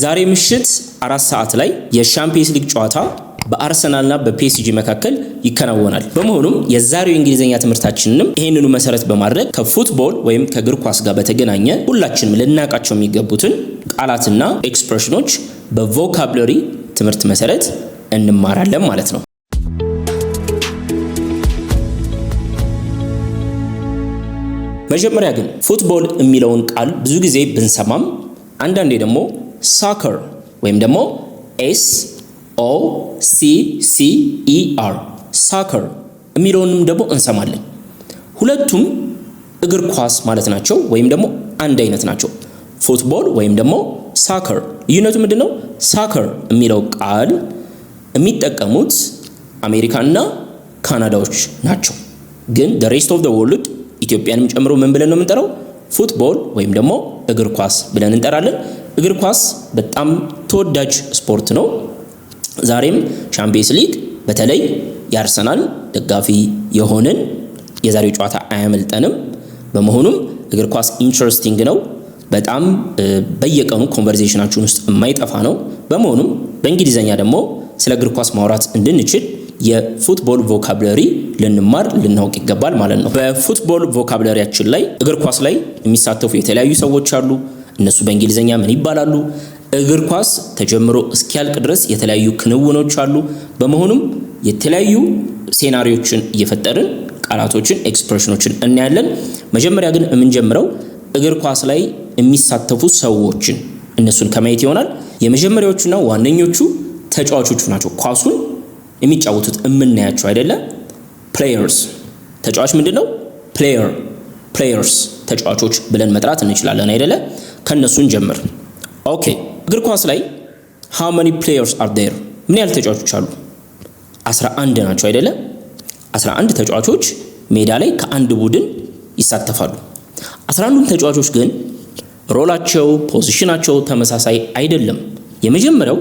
ዛሬ ምሽት አራት ሰዓት ላይ የሻምፒየንስ ሊግ ጨዋታ በአርሰናልና በፒኤስጂ መካከል ይከናወናል። በመሆኑም የዛሬው የእንግሊዝኛ ትምህርታችንንም ይህንኑ መሰረት በማድረግ ከፉትቦል ወይም ከእግር ኳስ ጋር በተገናኘ ሁላችንም ልናውቃቸው የሚገቡትን ቃላትና ኤክስፕሬሽኖች በቮካብለሪ ትምህርት መሰረት እንማራለን ማለት ነው። መጀመሪያ ግን ፉትቦል የሚለውን ቃል ብዙ ጊዜ ብንሰማም አንዳንዴ ደግሞ ሳከር ወይም ደግሞ ኤስ ኦ ሲ ሲ ኢ አር ሳከር የሚለውንም ደግሞ እንሰማለን። ሁለቱም እግር ኳስ ማለት ናቸው ወይም ደግሞ አንድ አይነት ናቸው። ፉትቦል ወይም ደግሞ ሳከር ልዩነቱ ምንድን ነው? ሳከር የሚለው ቃል የሚጠቀሙት አሜሪካና ካናዳዎች ናቸው። ግን ደ ሬስት ኦፍ ደ ወርልድ ኢትዮጵያንም ጨምሮ ምን ብለን ነው የምንጠራው? ፉትቦል ወይም ደግሞ እግር ኳስ ብለን እንጠራለን። እግር ኳስ በጣም ተወዳጅ ስፖርት ነው። ዛሬም ሻምፒየንስ ሊግ በተለይ የአርሰናል ደጋፊ የሆንን የዛሬው ጨዋታ አያመልጠንም። በመሆኑም እግር ኳስ ኢንትረስቲንግ ነው። በጣም በየቀኑ ኮንቨርሴሽናችን ውስጥ የማይጠፋ ነው። በመሆኑም በእንግሊዝኛ ደግሞ ስለ እግር ኳስ ማውራት እንድንችል የፉትቦል ቮካብለሪ ልንማር ልናውቅ ይገባል ማለት ነው። በፉትቦል ቮካብለሪያችን ላይ እግር ኳስ ላይ የሚሳተፉ የተለያዩ ሰዎች አሉ። እነሱ በእንግሊዝኛ ምን ይባላሉ? እግር ኳስ ተጀምሮ እስኪያልቅ ድረስ የተለያዩ ክንውኖች አሉ። በመሆኑም የተለያዩ ሴናሪዎችን እየፈጠርን ቃላቶችን፣ ኤክስፕሬሽኖችን እናያለን። መጀመሪያ ግን የምንጀምረው እግር ኳስ ላይ የሚሳተፉ ሰዎችን እነሱን ከማየት ይሆናል። የመጀመሪያዎቹና ዋነኞቹ ተጫዋቾቹ ናቸው። ኳሱን የሚጫወቱት የምናያቸው አይደለም። ፕሌየርስ ተጫዋች ምንድን ነው? ፕሌየር ፕሌየርስ ተጫዋቾች ብለን መጥራት እንችላለን አይደለ? ከነሱን ጀምር። ኦኬ እግር ኳስ ላይ ሃው መኒ ፕሌየርስ አር ዴር፣ ምን ያህል ተጫዋቾች አሉ? 11 ናቸው አይደለ? 11 ተጫዋቾች ሜዳ ላይ ከአንድ ቡድን ይሳተፋሉ። 11ዱም ተጫዋቾች ግን ሮላቸው፣ ፖዚሽናቸው ተመሳሳይ አይደለም። የመጀመሪያው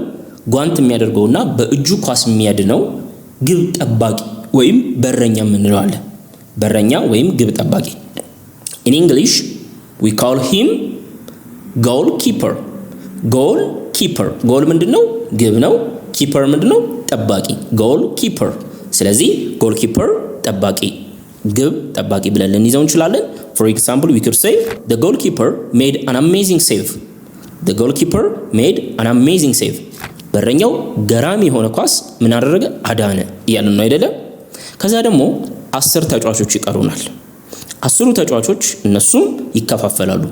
ጓንት የሚያደርገውና በእጁ ኳስ የሚያድነው ግብ ጠባቂ ወይም በረኛ የምንለው አለ። በረኛ ወይም ግብ ጠባቂ ኢን እንግሊሽ ዊ ካል ሂም ጎል ኪፐር ጎል ኪፐር ጎል ምንድን ነው? ግብ ነው። ኪፐር ምንድን ነው? ጠባቂ። ጎል ኪፐር። ስለዚህ ጎል ኪፐር ጠባቂ፣ ግብ ጠባቂ ብለን ልንይዘው እንችላለን። ፎር ኤግዛምፕል ዊ ኩድ ሴይ ዘ ጎል ኪፐር ሜድ አን አሜዚንግ ሴቭ። ዘ ጎል ኪፐር ሜድ አን አሜዚንግ ሴቭ። በረኛው ገራሚ የሆነ ኳስ ምን አደረገ? አዳነ እያልን ነው አይደለም? ከዛ ደግሞ አስር ተጫዋቾች ይቀሩናል። አስሩ ተጫዋቾች እነሱም ይከፋፈላሉ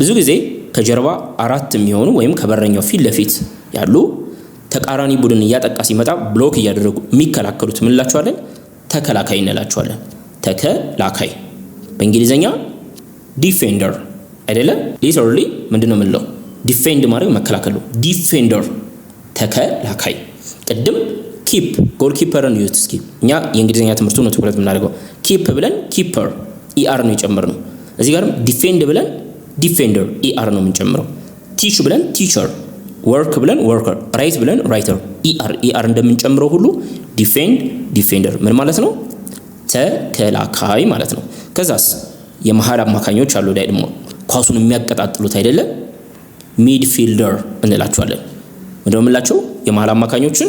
ብዙ ጊዜ ከጀርባ አራት የሚሆኑ ወይም ከበረኛው ፊት ለፊት ያሉ ተቃራኒ ቡድን እያጠቃ ሲመጣ ብሎክ እያደረጉ የሚከላከሉት ምን ተከላካይ እንላቸዋለን። ተከላካይ በእንግሊዝኛ ዲፌንደር አይደለም። ሊተራሊ ምንድን ነው የምንለው? ዲፌንድ ማድረግ መከላከሉ ዲፌንደር ተከላካይ። ቅድም ኪፕ ጎል ኪፐርን እስኪ እኛ የእንግሊዝኛ ትምህርቱ ነው ትኩረት የምናደርገው። ኪፕ ብለን ኪፐር ኢአር ነው የጨመርነው። እዚህ ጋርም ዲፌንድ ብለን ዲፌንደር ኢአር e ነው የምንጨምረው። ቲች ብለን ቲቸር፣ ወርክ ብለን ወርከር፣ ራይት ብለን ራይተር። ኢአር e ኢአር e እንደምንጨምረው ሁሉ ዲፌንድ ዲፌንደር ምን ማለት ነው? ተከላካይ ማለት ነው። ከዛስ የመሀል አማካኞች አሉ። ላይ ደግሞ ኳሱን የሚያቀጣጥሉት አይደለም ሚድፊልደር እንላቸዋለን። እንደምላቸው የመሀል አማካኞችን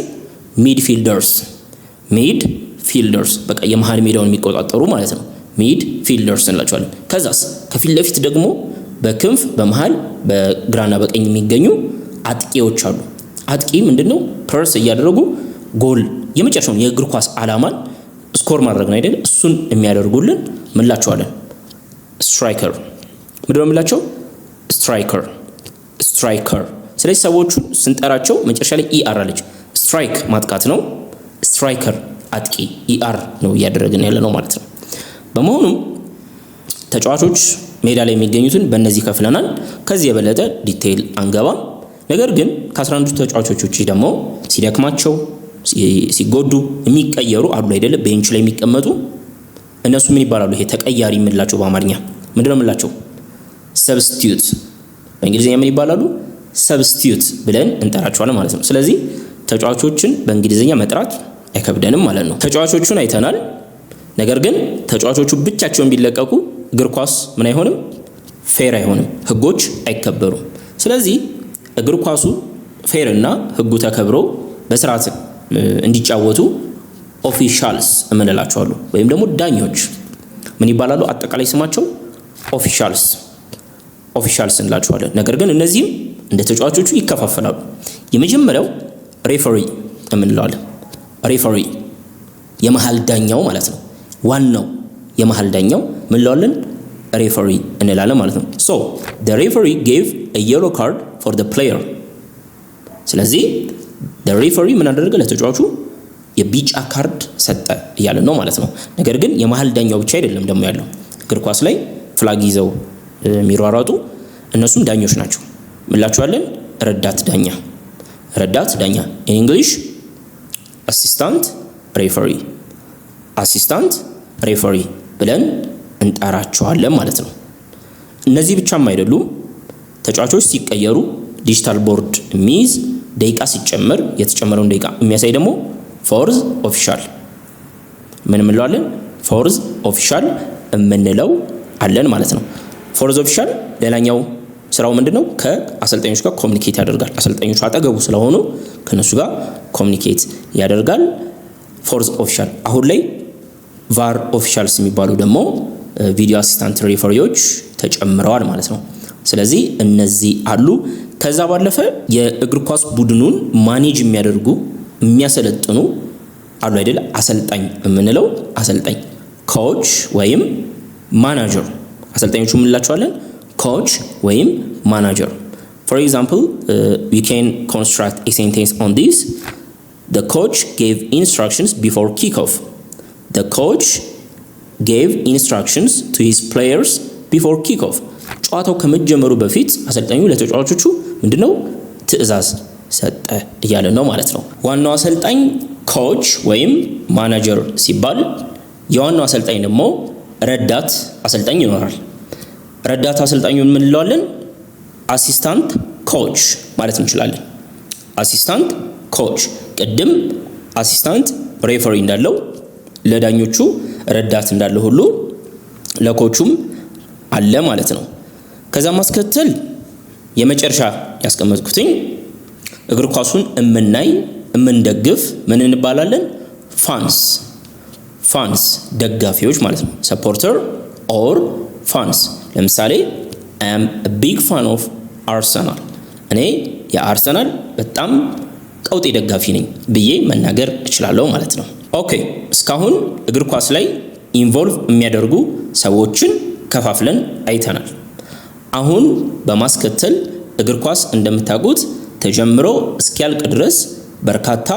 ሚድፊልደርስ ሚድ ፊልደርስ በቃ የመሀል ሜዳውን የሚቆጣጠሩ ማለት ነው። ሚድ ፊልደርስ እንላቸዋለን። ከዛስ ከፊት ለፊት ደግሞ በክንፍ በመሃል በግራና በቀኝ የሚገኙ አጥቂዎች አሉ። አጥቂ ምንድነው ፐርስ ፕረስ እያደረጉ ጎል የመጨረሻውን የእግር ኳስ አላማን ስኮር ማድረግ ነው አይደል? እሱን የሚያደርጉልን ምንላቸዋለን? ስትራይከር ምንድን ነው ስትራይከር ስትራይከር። ስለዚህ ሰዎቹ ስንጠራቸው መጨረሻ ላይ ኢአር e አለች። ስትራይክ ማጥቃት ነው። ስትራይከር አጥቂ ኢአር e ነው እያደረግን ያለ ነው ማለት ነው። በመሆኑም ተጫዋቾች ሜዳ ላይ የሚገኙትን በእነዚህ ከፍለናል። ከዚህ የበለጠ ዲቴይል አንገባም። ነገር ግን ከ 11 ተጫዋቾች ውጭ ደግሞ ሲደክማቸው ሲጎዱ የሚቀየሩ አሉ አይደለ? ቤንች ላይ የሚቀመጡ እነሱ ምን ይባላሉ? ይሄ ተቀያሪ የምንላቸው በአማርኛ ነው የምንላቸው? ሰብስቲዩት በእንግሊዝኛ ምን ይባላሉ? ሰብስቲዩት ብለን እንጠራቸዋለን ማለት ነው። ስለዚህ ተጫዋቾችን በእንግሊዝኛ መጥራት አይከብደንም ማለት ነው። ተጫዋቾቹን አይተናል። ነገር ግን ተጫዋቾቹ ብቻቸውን ቢለቀቁ እግር ኳስ ምን አይሆንም ፌር አይሆንም፣ ህጎች አይከበሩም። ስለዚህ እግር ኳሱ ፌር እና ህጉ ተከብሮ በስርዓት እንዲጫወቱ ኦፊሻልስ የምንላቸው ወይም ደግሞ ዳኞች ምን ይባላሉ? አጠቃላይ ስማቸው ኦፊሻልስ ኦፊሻልስ እንላቸዋለን። ነገር ግን እነዚህም እንደ ተጫዋቾቹ ይከፋፈላሉ። የመጀመሪያው ሬፈሪ እምንለዋለን። ሬፈሪ የመሀል ዳኛው ማለት ነው ዋናው የመሀል ዳኛው ምን ለዋለን ሬፈሪ እንላለን ማለት ነው። ሶ ደ ሬፈሪ ጌቭ የሎ ካርድ ፎር ደ ፕሌየር። ስለዚህ ደ ሬፈሪ ምን አደረገ? ለተጫዋቹ የቢጫ ካርድ ሰጠ እያለ ነው ማለት ነው። ነገር ግን የመሀል ዳኛው ብቻ አይደለም ደግሞ ያለው እግር ኳስ ላይ ፍላግ ይዘው የሚሯሯጡ እነሱም ዳኞች ናቸው። ምላችኋለን ረዳት ዳኛ ረዳት ዳኛ ኢንግሊሽ አሲስታንት ሬፈሪ አሲስታንት ሬፈሪ ብለን እንጠራቸዋለን ማለት ነው። እነዚህ ብቻም አይደሉም። ተጫዋቾች ሲቀየሩ ዲጂታል ቦርድ የሚይዝ ደቂቃ ሲጨመር የተጨመረውን ደቂቃ የሚያሳይ ደግሞ ፎርዝ ኦፊሻል ምን እንለዋለን? ፎርዝ ኦፊሻል የምንለው አለን ማለት ነው። ፎርዝ ኦፊሻል ሌላኛው ስራው ምንድነው? ከአሰልጣኞች ጋር ኮሚኒኬት ያደርጋል። አሰልጣኞቹ አጠገቡ ስለሆኑ ከነሱ ጋር ኮሚኒኬት ያደርጋል። ፎርዝ ኦፊሻል አሁን ላይ ቫር ኦፊሻልስ የሚባሉ ደግሞ ቪዲዮ አሲስታንት ሬፈሪዎች ተጨምረዋል ማለት ነው። ስለዚህ እነዚህ አሉ። ከዛ ባለፈ የእግር ኳስ ቡድኑን ማኔጅ የሚያደርጉ የሚያሰለጥኑ አሉ አይደል? አሰልጣኝ የምንለው አሰልጣኝ ኮች ወይም ማናጀር፣ አሰልጣኞቹ የምንላቸዋለን ኮች ወይም ማናጀር። ፎር ኤግዛምፕል ዩ ካን ኮንስትራክት ኤ ሴንቴንስ ኦን ዲስ ኮች ጌቭ ኢንስትራክሽንስ ቢፎር ኪክ ኦፍ The coach gave instructions to his players before kickoff ጨዋታው ከመጀመሩ በፊት አሰልጣኙ ለተጫዋቾቹ ምንድነው ትዕዛዝ ሰጠ እያለ ነው ማለት ነው። ዋናው አሰልጣኝ ኮች ወይም ማናጀር ሲባል የዋናው አሰልጣኝ ደግሞ ረዳት አሰልጣኝ ይኖራል። ረዳት አሰልጣኙን ምን እንለዋለን? አሲስታንት ኮች ማለት እንችላለን። አሲስታንት ኮች ቅድም አሲስታንት ሬፈሪ እንዳለው ለዳኞቹ ረዳት እንዳለ ሁሉ ለኮቹም አለ ማለት ነው። ከዛ ማስከተል የመጨረሻ ያስቀመጥኩትኝ እግር ኳሱን እምናይ እምንደግፍ ምን እንባላለን? ፋንስ ፋንስ ደጋፊዎች ማለት ነው። ሰፖርተር ኦር ፋንስ። ለምሳሌ አም ቢግ ፋን ኦፍ አርሰናል፣ እኔ የአርሰናል በጣም ቀውጤ ደጋፊ ነኝ ብዬ መናገር እችላለሁ ማለት ነው። ኦኬ እስካሁን እግር ኳስ ላይ ኢንቮልቭ የሚያደርጉ ሰዎችን ከፋፍለን አይተናል። አሁን በማስከተል እግር ኳስ እንደምታውቁት ተጀምሮ እስኪያልቅ ድረስ በርካታ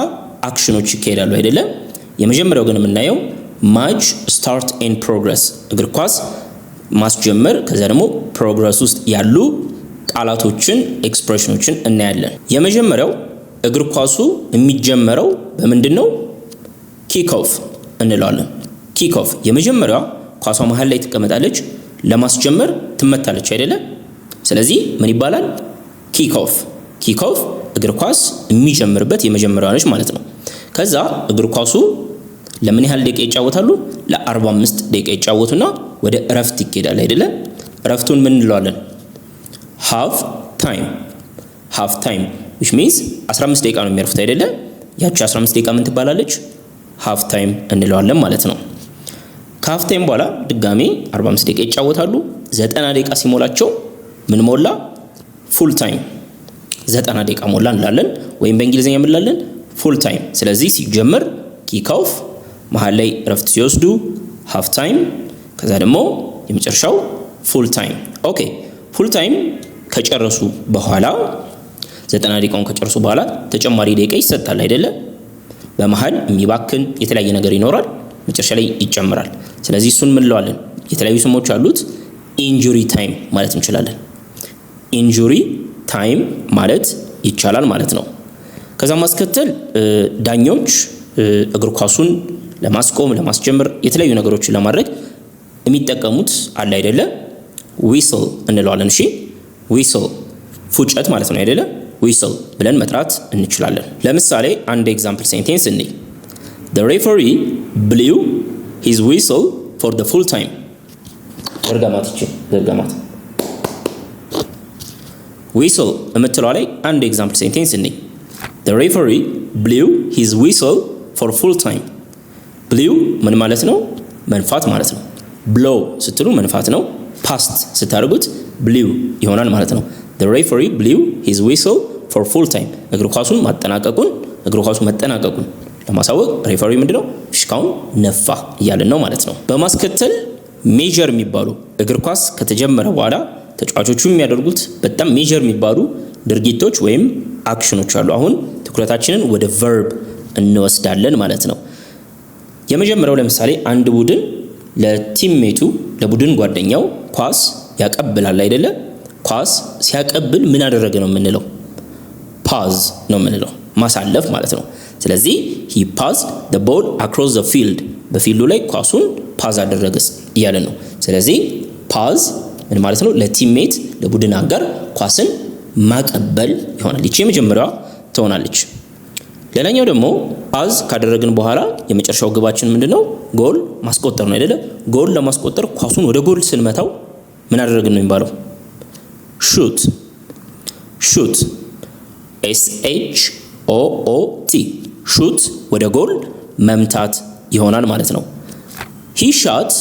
አክሽኖች ይካሄዳሉ አይደለም። የመጀመሪያው ግን የምናየው ማች ስታርት ኤን ፕሮግረስ፣ እግር ኳስ ማስጀመር፣ ከዚያ ደግሞ ፕሮግረስ ውስጥ ያሉ ቃላቶችን ኤክስፕሬሽኖችን እናያለን። የመጀመሪያው እግር ኳሱ የሚጀመረው በምንድን ነው? ኪክኦፍ እንለዋለን። ኪክኦፍ የመጀመሪያዋ ኳሷ መሀል ላይ ትቀመጣለች፣ ለማስጀመር ትመታለች አይደለም። ስለዚህ ምን ይባላል? ኪክኦፍ። ኪክኦፍ እግር ኳስ የሚጀምርበት የመጀመሪያዋ ነች ማለት ነው። ከዛ እግር ኳሱ ለምን ያህል ደቂቃ ይጫወታሉ? ለ45 ደቂቃ ይጫወቱና ወደ እረፍት ይኬዳል አይደለ? እረፍቱን ምን እንለዋለን? ሃፍ ታይም ሃፍ ታይም ዊች ሚንስ 15 ደቂቃ ነው የሚያርፉት አይደለ? ያቺ 15 ደቂቃ ምን ትባላለች? ሀፍ ታይም እንለዋለን ማለት ነው። ከሀፍ ታይም በኋላ ድጋሚ 45 ደቂቃ ይጫወታሉ። 90 ደቂቃ ሲሞላቸው ምን ሞላ? ፉል ታይም 90 ደቂቃ ሞላ እንላለን፣ ወይም በእንግሊዝኛ እንላለን ፉል ታይም። ስለዚህ ሲጀምር ኪክ ኦፍ፣ መሀል ላይ እረፍት ሲወስዱ ሀፍ ታይም፣ ከዛ ደግሞ የመጨረሻው ፉል ታይም። ኦኬ ፉል ታይም ከጨረሱ በኋላ 90 ደቂቃውን ከጨርሱ በኋላ ተጨማሪ ደቂቃ ይሰጣል አይደለ? በመሀል የሚባክን የተለያየ ነገር ይኖራል፣ መጨረሻ ላይ ይጨምራል። ስለዚህ እሱን ምንለዋለን? የተለያዩ ስሞች አሉት። ኢንጁሪ ታይም ማለት እንችላለን። ኢንጁሪ ታይም ማለት ይቻላል ማለት ነው። ከዛ ማስከተል ዳኞች እግር ኳሱን ለማስቆም ለማስጀምር፣ የተለያዩ ነገሮችን ለማድረግ የሚጠቀሙት አለ አይደለ? ዊስል እንለዋለን። እሺ ዊስል ፉጨት ማለት ነው አይደለ? ዊስል ብለን መጥራት እንችላለን። ለምሳሌ አንድ ኤግዛምፕል ሴንቴንስ እኒ ሬፈሪ ብሊው ሂዝ ዊስል ፎር ደ ፉል ታይም። ዘርጋማት ይቺ ዘርጋማት ዊስል የምትለዋ ላይ አንድ ኤግዛምፕል ሴንቴንስ እኒ ሬፈሪ ብሊው ሂዝ ዊስል ፎር ፉል ታይም። ብሊው ምን ማለት ነው? መንፋት ማለት ነው። ብሎው ስትሉ መንፋት ነው። ፓስት ስታደርጉት ብሊው ይሆናል ማለት ነው። ሬፈሪ ብሊው ሂዝ ዊስል ፎር ፉል ታይም እግር ኳሱን ማጠናቀቁን እግር ኳሱን መጠናቀቁን ለማሳወቅ ሬፈሪ ምንድነው ሽካውን ነፋ እያለን ነው ማለት ነው። በማስከተል ሜጀር የሚባሉ እግር ኳስ ከተጀመረ በኋላ ተጫዋቾቹ የሚያደርጉት በጣም ሜጀር የሚባሉ ድርጊቶች ወይም አክሽኖች አሉ። አሁን ትኩረታችንን ወደ ቨርብ እንወስዳለን ማለት ነው። የመጀመሪያው ለምሳሌ አንድ ቡድን ለቲምሜቱ ለቡድን ጓደኛው ኳስ ያቀብላል አይደለ? ኳስ ሲያቀብል ምን አደረገ ነው የምንለው? ፓዝ ነው የምንለው ማሳለፍ ማለት ነው። ስለዚህ ሂ ፓዝ ደ ቦል አክሮስ ዘ ፊልድ በፊልዱ ላይ ኳሱን ፓዝ አደረገ እያለን ነው። ስለዚህ ፓዝ ምን ማለት ነው? ለቲሜት ለቡድን አጋር ኳስን ማቀበል ይሆናል። ይቺ የመጀመሪያዋ ትሆናለች። ሌላኛው ደግሞ ፓዝ ካደረግን በኋላ የመጨረሻው ግባችን ምንድን ነው? ጎል ማስቆጠር ነው አይደለ? ጎል ለማስቆጠር ኳሱን ወደ ጎል ስንመታው ምን አደረግን ነው የሚባለው? ሹት ሹት ኤስ ኤች ኦ ኦ ቲ ሹት ወደ ጎል መምታት ይሆናል ማለት ነው። ሂ ሻት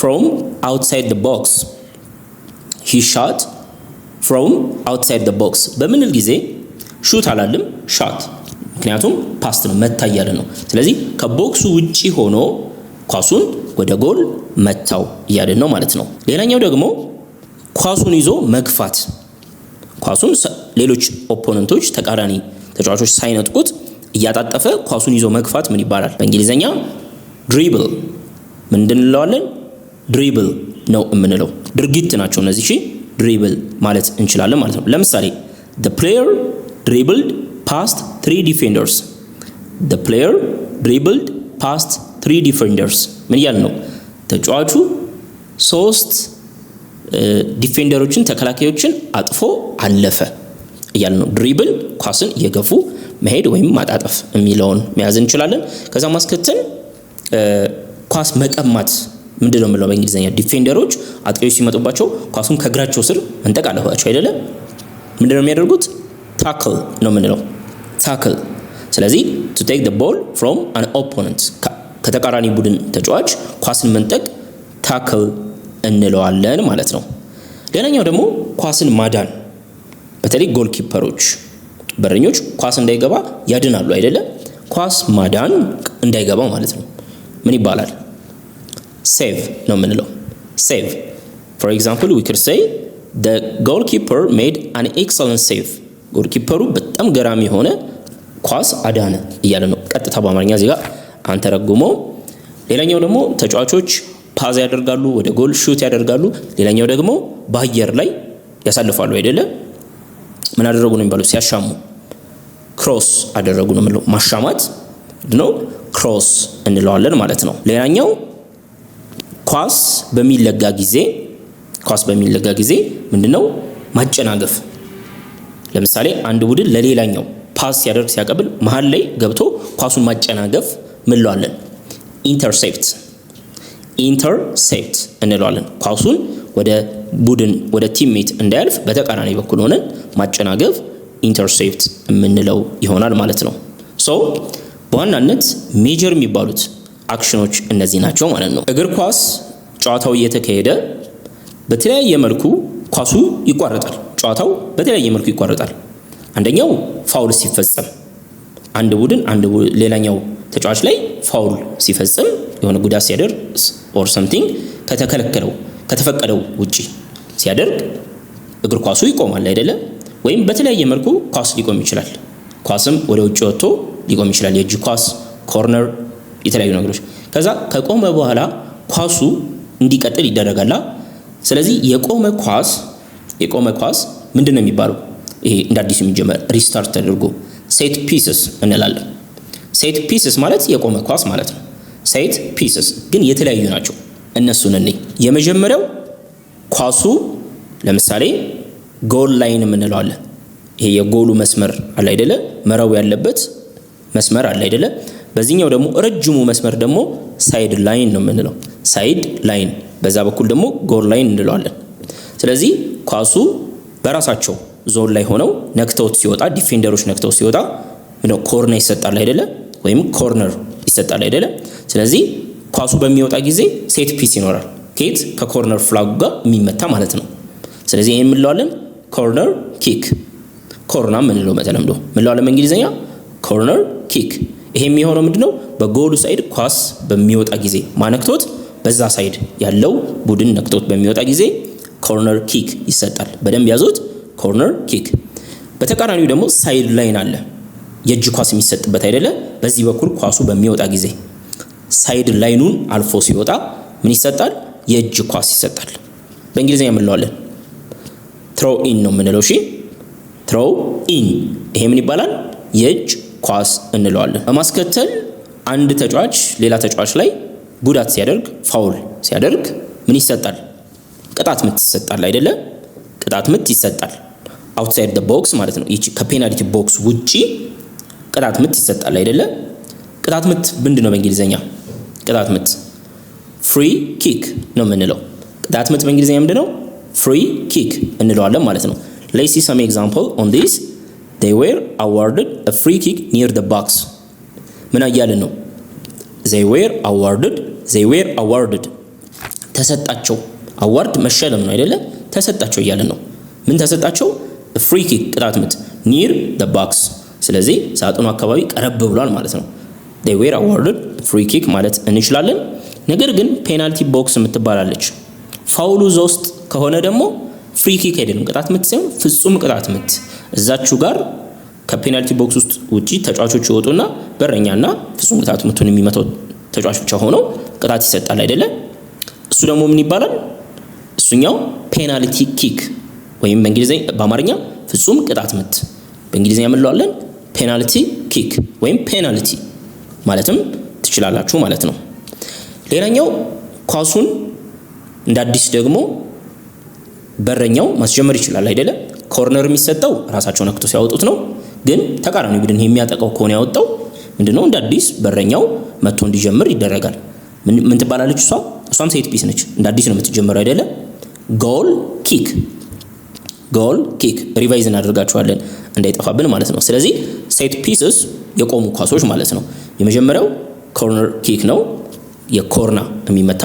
ፍሮም አውትሳይድ ደ ቦክስ ሂ ሻት ፍሮም አውትሳይድ ደ ቦክስ በምንል ጊዜ ሹት አላልም ሻት፣ ምክንያቱም ፓስት ነው መታ እያለ ነው። ስለዚህ ከቦክሱ ውጪ ሆኖ ኳሱን ወደ ጎል መታው እያለ ነው ማለት ነው። ሌላኛው ደግሞ ኳሱን ይዞ መግፋት ኳሱን ሌሎች ኦፖነንቶች ተቃራኒ ተጫዋቾች ሳይነጥቁት እያጣጠፈ ኳሱን ይዞ መግፋት ምን ይባላል? በእንግሊዝኛ ድሪብል ምንድን እንለዋለን? ድሪብል ነው የምንለው። ድርጊት ናቸው እነዚህ ሺ ድሪብል ማለት እንችላለን ማለት ነው። ለምሳሌ the player dribbled past three defenders the player dribbled past three defenders ምን እያለ ነው? ተጫዋቹ ሶስት ዲፌንደሮችን ተከላካዮችን አጥፎ አለፈ እያል ነው። ድሪብል ኳስን እየገፉ መሄድ ወይም ማጣጠፍ የሚለውን መያዝ እንችላለን። ከዛ ማስከተል ኳስ መቀማት ምንድን ነው የምለው በእንግሊዝኛ ዲፌንደሮች አጥቂዎች ሲመጡባቸው ኳሱን ከእግራቸው ስር መንጠቅ አለባቸው አይደለም። ምንድን ነው የሚያደርጉት? ታክል ነው የምንለው ታክል። ስለዚህ ቱ ቴክ ዘ ቦል ፍሮም አን ኦፖነንት ከተቃራኒ ቡድን ተጫዋች ኳስን መንጠቅ ታክል እንለዋለን ማለት ነው። ሌላኛው ደግሞ ኳስን ማዳን፣ በተለይ ጎልኪፐሮች በረኞች ኳስ እንዳይገባ ያድናሉ አይደለም። ኳስ ማዳን እንዳይገባ ማለት ነው ምን ይባላል? ሴቭ ነው የምንለው። ሴቭ ፎር ኤግዛምፕል ዊ ክድ ሴይ ጎል ሜድ አን ኤክሰለንት ሴቭ፣ ጎልኪፐሩ በጣም ገራሚ የሆነ ኳስ አዳነ እያለ ነው ቀጥታ በአማርኛ ዜጋ አንተረጉሞ። ሌላኛው ደግሞ ተጫዋቾች ፓዝ ያደርጋሉ፣ ወደ ጎል ሹት ያደርጋሉ። ሌላኛው ደግሞ በአየር ላይ ያሳልፋሉ አይደለ? ምን አደረጉ ነው የሚባለው? ሲያሻሙ ክሮስ አደረጉ ነው የሚለው። ማሻማት ነው ክሮስ እንለዋለን ማለት ነው። ሌላኛው ኳስ በሚለጋ ጊዜ ኳስ በሚለጋ ጊዜ ምንድነው ማጨናገፍ። ለምሳሌ አንድ ቡድን ለሌላኛው ፓስ ሲያደርግ ሲያቀብል መሀል ላይ ገብቶ ኳሱን ማጨናገፍ ምንለዋለን? ኢንተርሴፕት ኢንተርሴፕት እንለዋለን። ኳሱን ወደ ቡድን ወደ ቲምሜት እንዳያልፍ በተቃራኒ በኩል ሆነን ማጨናገብ ኢንተርሴፕት የምንለው ይሆናል ማለት ነው። ሶ በዋናነት ሜጀር የሚባሉት አክሽኖች እነዚህ ናቸው ማለት ነው። እግር ኳስ ጨዋታው እየተካሄደ በተለያየ መልኩ ኳሱ ይቋረጣል። ጨዋታው በተለያየ መልኩ ይቋረጣል። አንደኛው ፋውል ሲፈጸም አንድ ቡድን አንድ ሌላኛው ተጫዋች ላይ ፋውል ሲፈጽም የሆነ ጉዳት ሲያደርስ ኦር ሰምቲንግ ከተከለከለው ከተፈቀደው ውጪ ሲያደርግ እግር ኳሱ ይቆማል አይደለም። ወይም በተለያየ መልኩ ኳስ ሊቆም ይችላል። ኳስም ወደ ውጭ ወጥቶ ሊቆም ይችላል። የእጅ ኳስ፣ ኮርነር፣ የተለያዩ ነገሮች። ከዛ ከቆመ በኋላ ኳሱ እንዲቀጥል ይደረጋላ። ስለዚህ የቆመ ኳስ የቆመ ኳስ ምንድን ነው የሚባለው? ይሄ እንደ አዲስ የሚጀመር ሪስታርት ተደርጎ ሴት ፒስስ እንላለን። ሴት ፒስስ ማለት የቆመ ኳስ ማለት ነው። ሴት ፒስስ ግን የተለያዩ ናቸው። እነሱን እኔ የመጀመሪያው ኳሱ ለምሳሌ ጎል ላይን የምንለዋለን። ይሄ የጎሉ መስመር አለ አይደለ? መረቡ ያለበት መስመር አለ አይደለ? በዚህኛው ደግሞ ረጅሙ መስመር ደግሞ ሳይድ ላይን ነው የምንለው። ሳይድ ላይን በዛ በኩል ደግሞ ጎል ላይን እንለዋለን። ስለዚህ ኳሱ በራሳቸው ዞን ላይ ሆነው ነክተውት ሲወጣ ዲፌንደሮች ነክተውት ሲወጣ ምነው ኮርነር ይሰጣል አይደለ? ወይም ኮርነር ይሰጣል አይደለም። ስለዚህ ኳሱ በሚወጣ ጊዜ ሴት ፒስ ይኖራል ኬት ከኮርነር ፍላጉ ጋር የሚመታ ማለት ነው። ስለዚህ ይህ የምንለዋለን ኮርነር ኪክ፣ ኮርና ምንለው በተለምዶ ምንለዋለን በእንግሊዝኛ ኮርነር ኪክ። ይሄ የሚሆነው ምንድነው በጎሉ ሳይድ ኳስ በሚወጣ ጊዜ ማነክቶት በዛ ሳይድ ያለው ቡድን ነክቶት በሚወጣ ጊዜ ኮርነር ኪክ ይሰጣል። በደንብ ያዙት ኮርነር ኪክ። በተቃራኒው ደግሞ ሳይድ ላይን አለ። የእጅ ኳስ የሚሰጥበት አይደለ? በዚህ በኩል ኳሱ በሚወጣ ጊዜ ሳይድ ላይኑን አልፎ ሲወጣ ምን ይሰጣል? የእጅ ኳስ ይሰጣል። በእንግሊዝኛ የምንለዋለን ትሮው ኢን ነው የምንለው። እሺ ትሮው ኢን ይሄ ምን ይባላል? የእጅ ኳስ እንለዋለን። በማስከተል አንድ ተጫዋች ሌላ ተጫዋች ላይ ጉዳት ሲያደርግ ፋውል ሲያደርግ ምን ይሰጣል? ቅጣት ምት ይሰጣል አይደለ? ቅጣት ምት ይሰጣል። አውትሳይድ ቦክስ ማለት ነው። ይቺ ከፔናልቲ ቦክስ ውጪ ቅጣት ምት ይሰጣል አይደለ? ቅጣት ምት ምንድን ነው በእንግሊዝኛ? ቅጣት ምት ፍሪ ኪክ ነው የምንለው። ቅጣት ምት በእንግሊዝኛ ምንድን ነው? ፍሪ ኪክ እንለዋለን ማለት ነው። ሌሲ ሰም ኤግዛምፕል ኦን ዲስ ዌር አዋርድድ ፍሪ ኪክ ኒር ደ ቦክስ። ምን እያልን ነው? ዜይ ዌር አዋርድድ ዜይ ዌር አዋርድድ ተሰጣቸው። አዋርድ መሸለም ነው አይደለ? ተሰጣቸው እያልን ነው። ምን ተሰጣቸው? ፍሪ ኪክ ቅጣት ምት ኒር ደ ቦክስ ስለዚህ ሳጥኑ አካባቢ ቀረብ ብሏል ማለት ነው። they ዌር አዋርድድ ፍሪ ኪክ ማለት እንችላለን። ነገር ግን ፔናልቲ ቦክስ የምትባላለች ፋውሉ እዛ ውስጥ ከሆነ ደግሞ ፍሪ ኪክ አይደለም ቅጣት ምት ሳይሆን ፍጹም ቅጣት ምት እዛችሁ ጋር ከፔናልቲ ቦክስ ውስጥ ውጪ ተጫዋቾች ይወጡና በረኛና ፍጹም ቅጣት ምቱን የሚመታው ተጫዋች ብቻ ቅጣት ይሰጣል አይደለ? እሱ ደግሞ ምን ይባላል? እሱኛው ፔናልቲ ኪክ ወይም በእንግሊዝኛ በአማርኛ ፍጹም ቅጣት ምት በእንግሊዝኛ ምንለዋለን? ፔናልቲ ኪክ ወይም ፔናልቲ ማለትም ትችላላችሁ ማለት ነው። ሌላኛው ኳሱን እንደ አዲስ ደግሞ በረኛው ማስጀመር ይችላል አይደለም። ኮርነር የሚሰጠው ራሳቸው ነክቶ ሲያወጡት ነው። ግን ተቃራኒ ቡድን የሚያጠቃው ከሆነ ያወጣው ምንድነው? እንደ አዲስ በረኛው መጥቶ እንዲጀምር ይደረጋል። ምን ትባላለች እሷ? እሷም ሴት ፒስ ነች። እንደ አዲስ ነው የምትጀምረው አይደለም። ጎል ኪክ ጎል ኪክ ሪቫይዝ እናደርጋቸዋለን እንዳይጠፋብን ማለት ነው። ስለዚህ ሴት ፒስስ የቆሙ ኳሶች ማለት ነው። የመጀመሪያው ኮርነር ኪክ ነው። የኮርና የሚመታ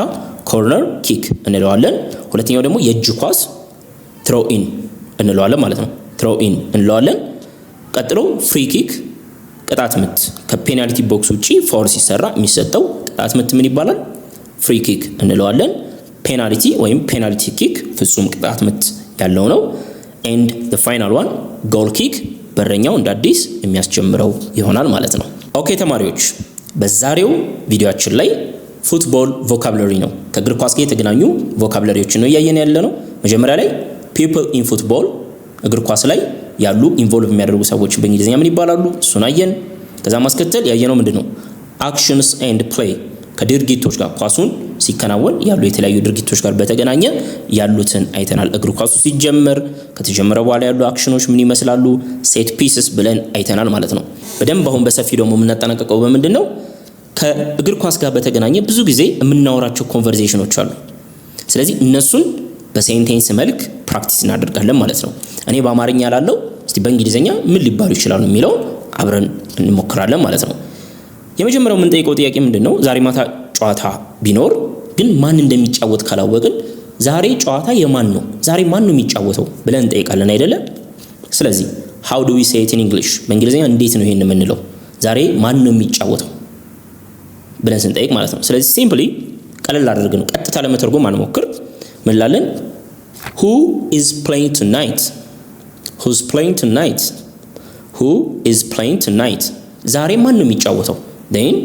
ኮርነር ኪክ እንለዋለን። ሁለተኛው ደግሞ የእጅ ኳስ ትሮ ኢን እንለዋለን ማለት ነው። ትሮ ኢን እንለዋለን። ቀጥሎ ፍሪ ኪክ ቅጣት ምት ከፔናልቲ ቦክስ ውጪ ፋውል ሲሰራ የሚሰጠው ቅጣት ምት ምን ይባላል? ፍሪ ኪክ እንለዋለን። ፔናልቲ ወይም ፔናልቲ ኪክ ፍጹም ቅጣት ምት ያለው ነው። ኤንድ ፋይናል ዋን ጎል ኪክ በረኛው እንደ አዲስ የሚያስጀምረው ይሆናል ማለት ነው። ኦኬ ተማሪዎች በዛሬው ቪዲዮአችን ላይ ፉትቦል ቮካብለሪ ነው ከእግር ኳስ ጋር የተገናኙ ቮካብለሪዎችን ነው እያየን ያለ ነው። መጀመሪያ ላይ ፒፕል ኢን ፉትቦል እግር ኳስ ላይ ያሉ ኢንቮልቭ የሚያደርጉ ሰዎች በእንግሊዝኛ ምን ይባላሉ? እሱን አየን። ከዛ ማስከተል ያየነው ምንድን ነው? አክሽንስ ኤንድ ፕሌይ ከድርጊቶች ጋር ኳሱን ሲከናወን ያሉ የተለያዩ ድርጊቶች ጋር በተገናኘ ያሉትን አይተናል። እግር ኳሱ ሲጀመር፣ ከተጀመረ በኋላ ያሉ አክሽኖች ምን ይመስላሉ፣ ሴት ፒስስ ብለን አይተናል ማለት ነው። በደንብ አሁን በሰፊ ደግሞ የምናጠናቀቀው በምንድን ነው? ከእግር ኳስ ጋር በተገናኘ ብዙ ጊዜ የምናወራቸው ኮንቨርዜሽኖች አሉ። ስለዚህ እነሱን በሴንቴንስ መልክ ፕራክቲስ እናደርጋለን ማለት ነው። እኔ በአማርኛ ላለው እስቲ በእንግሊዝኛ ምን ሊባሉ ይችላሉ የሚለው አብረን እንሞክራለን ማለት ነው። የመጀመሪያው የምንጠይቀው ጥያቄ ምንድን ነው? ዛሬ ማታ ጨዋታ ቢኖር ግን ማን እንደሚጫወት ካላወቅን ዛሬ ጨዋታ የማን ነው? ዛሬ ማን ነው የሚጫወተው ብለን እንጠይቃለን አይደለም? ስለዚህ how do we say it in English በእንግሊዝኛ እንዴት ነው ይሄን የምንለው? ዛሬ ማን ነው የሚጫወተው ብለን ስንጠይቅ ማለት ነው። ስለዚህ ሲምፕሊ ቀለል አድርግ ነው፣ ቀጥታ ለመተርጎም አንሞክር። ምን ላለን? who is playing tonight who's playing tonight who is playing tonight ዛሬ ማን ነው የሚጫወተው ን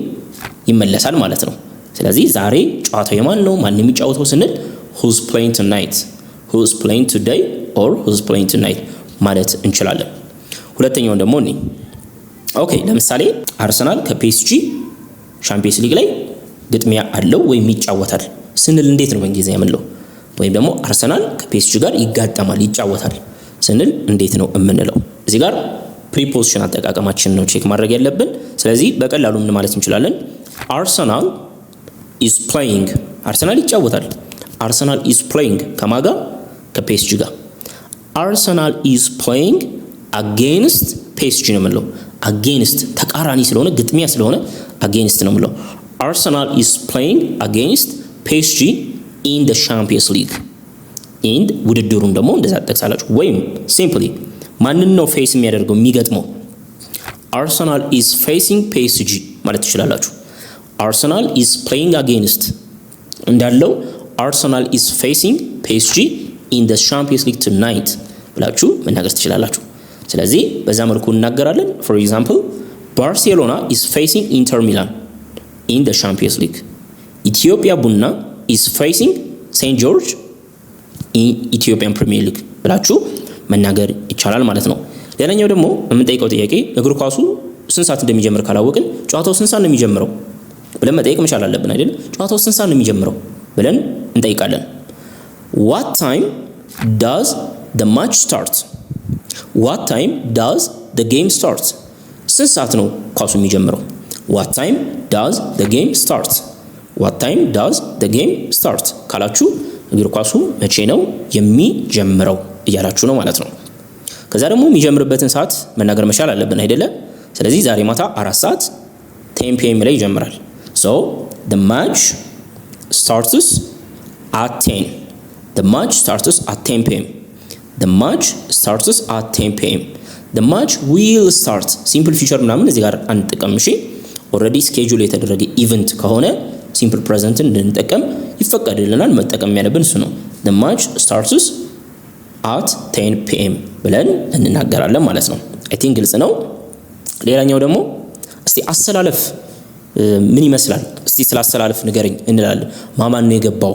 ይመለሳል ማለት ነው። ስለዚህ ዛሬ ጨዋታው የማን ነው? ማን የሚጫወተው ስንል ሁዝ ፕሌይንግ ቱናይት፣ ሁዝ ፕሌይንግ ቱዴይ ኦር ሁዝ ፕሌይንግ ቱናይት ማለት እንችላለን። ሁለተኛውን ደግሞ እኔ ኦኬ፣ ለምሳሌ አርሰናል ከፒኤስጂ ሻምፒየንስ ሊግ ላይ ግጥሚያ አለው ወይም ይጫወታል ስንል እንዴት ነው በእንግሊዝኛ የምንለው? ወይም ደግሞ አርሰናል ከፒኤስጂ ጋር ይጋጠማል ይጫወታል ስንል እንዴት ነው የምንለው? እዚህ ጋር ፕሪፖዚሽን አጠቃቀማችን ነው ቼክ ማድረግ ያለብን። ስለዚህ በቀላሉ ምን ማለት እንችላለን? አርሰናል ኢዝ ፕሌይንግ፣ አርሰናል ይጫወታል። አርሰናል ኢዝ ፕሌይንግ ከማጋ ከፔስጂ ጋር። አርሰናል ኢዝ ፕሌይንግ አጌንስት ፔስጂ ነው የምንለው። አጌንስት ተቃራኒ ስለሆነ ግጥሚያ ስለሆነ አጌንስት ነው የምንለው። አርሰናል ኢዝ ፕሌይንግ አጌንስት ፔስጂ ኢን ደ ሻምፒየንስ ሊግ ኢንድ ውድድሩን ደግሞ እንደዛ ጠቅሳላችሁ ወይም ሲምፕሊ ማንን ነው ፌስ የሚያደርገው የሚገጥመው? አርሰናል ኢዝ ፌሲንግ ፒኤስጂ ማለት ትችላላችሁ። አርሰናል ኢዝ ፕሌይንግ አጌንስት እንዳለው አርሰናል ኢዝ ፌሲንግ ፒኤስጂ ኢን ዘ ሻምፒየንስ ሊግ ቱናይት ብላችሁ መናገር ትችላላችሁ። ስለዚህ በዛ መልኩ እናገራለን። ፎር ኤግዛምፕል ባርሴሎና ኢዝ ፌሲንግ ኢንተር ሚላን ኢን ዘ ሻምፒየንስ ሊግ፣ ኢትዮጵያ ቡና ኢዝ ፌሲንግ ሴንት ጆርጅ ኢን ኢትዮጵያን ፕሪሚየር ሊግ ብላችሁ መናገር ይቻላል ማለት ነው። ሌላኛው ደግሞ የምንጠይቀው ጥያቄ እግር ኳሱ ስንት ሰዓት እንደሚጀምር ካላወቅን ጨዋታው ስንት ሰዓት ነው የሚጀምረው ብለን መጠየቅ መቻል አለብን አይደል? ጨዋታው ስንት ሰዓት ነው የሚጀምረው ብለን እንጠይቃለን። ዋት ታይም ዳዝ ደ ማች ስታርት፣ ዋት ታይም ዳዝ ደ ጌም ስታርት፣ ስንት ሰዓት ነው ኳሱ የሚጀምረው? ዋት ታይም ዳዝ ደ ጌም ስታርት፣ ዋት ታይም ዳዝ ደ ጌም ስታርት ካላችሁ እግር ኳሱ መቼ ነው የሚጀምረው እያላችሁ ነው ማለት ነው። ከዛ ደግሞ የሚጀምርበትን ሰዓት መናገር መቻል አለብን አይደለ? ስለዚህ ዛሬ ማታ አራት ሰዓት ቴን ፒኤም ላይ ይጀምራል። ሶ the match starts at 10 the match starts at 10 pm the ሲምፕል ፊቸር ምናምን እዚህ ጋር አንጠቀም። እሺ ኦልሬዲ ስኬጁል የተደረገ ኢቨንት ከሆነ ሲምፕል ፕሬዘንትን እንድንጠቀም ይፈቀድልናል። መጠቀም ያለብን እሱ ነው። the አት ቴን ፒኤም ብለን እንናገራለን ማለት ነው። አይ ቲንክ ግልጽ ነው። ሌላኛው ደግሞ እስቲ አሰላለፍ ምን ይመስላል እስቲ ስለ አሰላለፍ ንገረኝ እንላለን። ማማን ነው የገባው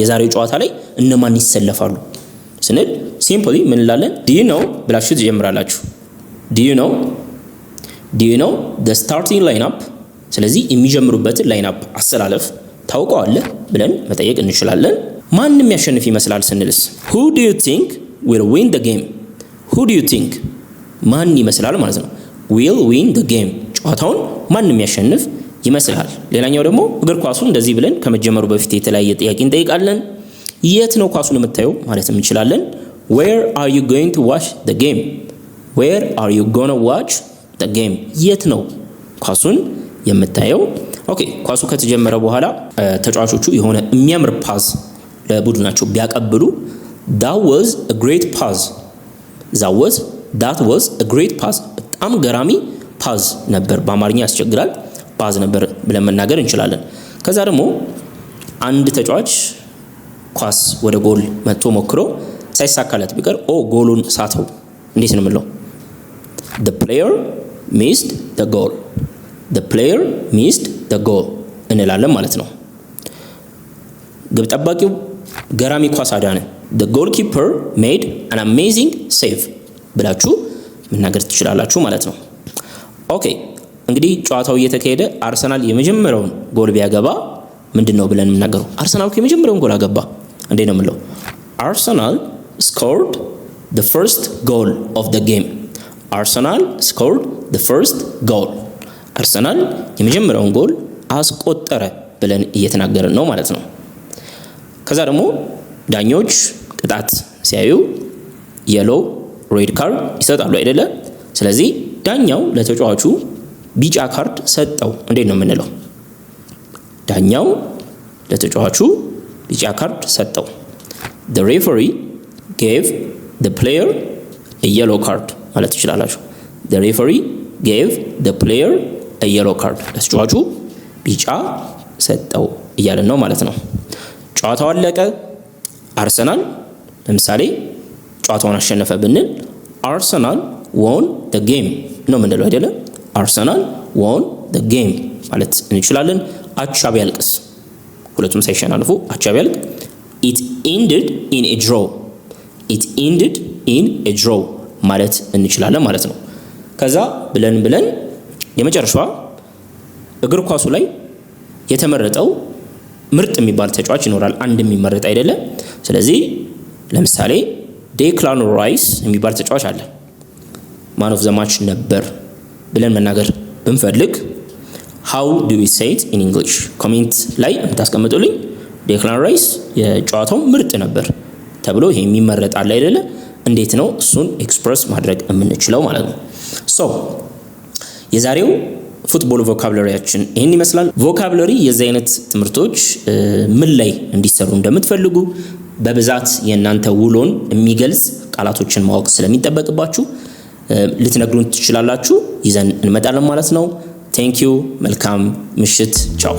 የዛሬው ጨዋታ ላይ እነማን ይሰለፋሉ ስንል ሲምፕሊ ምን እንላለን? ዲዩ ነው ብላችሁ ትጀምራላችሁ። ዲዩ ነው ዲዩ ነው ደ ስታርቲንግ ላይን አፕ። ስለዚህ የሚጀምሩበትን ላይን አፕ አሰላለፍ ታውቀዋለህ ብለን መጠየቅ እንችላለን። ማንም ያሸንፍ ይመስላል ስንልስ ሁ ዱ ዩ ቲንክ ዊል ዊን ደ ጌም ሁ ዱ ዩ ቲንክ ማን ይመስላል ማለት ነው ዊል ዊን ደ ጌም ጨዋታውን ማንም ያሸንፍ ይመስላል ሌላኛው ደግሞ እግር ኳሱ እንደዚህ ብለን ከመጀመሩ በፊት የተለያየ ጥያቄ እንጠይቃለን የት ነው ኳሱን የምታየው ማለትም እንችላለን ዌር አር ዩ ጎይንግ ቱ ዋች ደ ጌም ዌር አር ዩ ጎነ ዋች ደ ጌም የት ነው ኳሱን የምታየው ኦኬ ኳሱ ከተጀመረ በኋላ ተጫዋቾቹ የሆነ የሚያምር ፓዝ በቡድናቸው ቢያቀብሉ that በጣም ገራሚ ፓዝ ነበር። በአማርኛ ያስቸግራል። ፓዝ ነበር ብለን መናገር እንችላለን። ከዛ ደግሞ አንድ ተጫዋች ኳስ ወደ ጎል መጥቶ ሞክሮ ሳይሳካለት ቢቀር ኦ ጎሉን ሳተው እንዴት ነው የምለው? the player እንላለን ማለት ነው። ግብ ጠባቂው ገራሚ ኳስ አዳነ ዘ ጎልኪፐር ሜድ አን አሜዚንግ ሴቭ ብላችሁ መናገር ትችላላችሁ ማለት ነው። ኦኬ እንግዲህ ጨዋታው እየተካሄደ አርሰናል የመጀመሪያውን ጎል ቢያገባ ምንድን ነው ብለን የምናገረው? አርሰናል የመጀመሪያውን ጎል አገባ እንዴ ነው የምለው። አርሰናል ስኮርድ ዘ ፈርስት ጎል ኦፍ ዘ ጌም። አርሰናል ስኮርድ ዘ ፈርስት ጎል። አርሰናል የመጀመሪያውን ጎል አስቆጠረ ብለን እየተናገረን ነው ማለት ነው። ከዛ ደግሞ ዳኞች ቅጣት ሲያዩ የሎው ሬድ ካርድ ይሰጣሉ አይደለ? ስለዚህ ዳኛው ለተጫዋቹ ቢጫ ካርድ ሰጠው እንዴት ነው የምንለው? ዳኛው ለተጫዋቹ ቢጫ ካርድ ሰጠው። the referee gave the player a yellow card ማለት ትችላላችሁ። the referee gave the player a yellow card ለተጫዋቹ ቢጫ ሰጠው እያለን ነው ማለት ነው። ጨዋታው አለቀ፣ አርሰናል ለምሳሌ ጨዋታውን አሸነፈ ብንል አርሰናል ወን ደ ጌም ነው ምንለው አይደለም? አርሰናል ወን ደ ጌም ማለት እንችላለን። አቻ ቢያልቅስ ሁለቱም ሳይሸናልፉ አቻ ቢያልቅ ኢት ኢንድድ ኢን ኤ ድሮ ኢት ኢንድድ ኢን ኤ ድሮ ማለት እንችላለን ማለት ነው። ከዛ ብለን ብለን የመጨረሻዋ እግር ኳሱ ላይ የተመረጠው ምርጥ የሚባል ተጫዋች ይኖራል። አንድ የሚመረጥ አይደለም። ስለዚህ ለምሳሌ ዴክላን ራይስ የሚባል ተጫዋች አለ። ማን ኦፍ ዘማች ነበር ብለን መናገር ብንፈልግ ሃው ዱ ዊ ሴይት ኢን ኢንግሊሽ ኮሜንት ላይ የምታስቀምጡልኝ ዴክላን ራይስ የጨዋታው ምርጥ ነበር ተብሎ ይሄ የሚመረጥ አለ አይደለ? እንዴት ነው እሱን ኤክስፕረስ ማድረግ የምንችለው ማለት ነው። ሶ የዛሬው ፉትቦል ቮካብለሪያችን ይህን ይመስላል። ቮካብለሪ የዚህ አይነት ትምህርቶች ምን ላይ እንዲሰሩ እንደምትፈልጉ በብዛት የእናንተ ውሎን የሚገልጽ ቃላቶችን ማወቅ ስለሚጠበቅባችሁ ልትነግሩን ትችላላችሁ። ይዘን እንመጣለን ማለት ነው። ቴንኪዩ። መልካም ምሽት። ቻው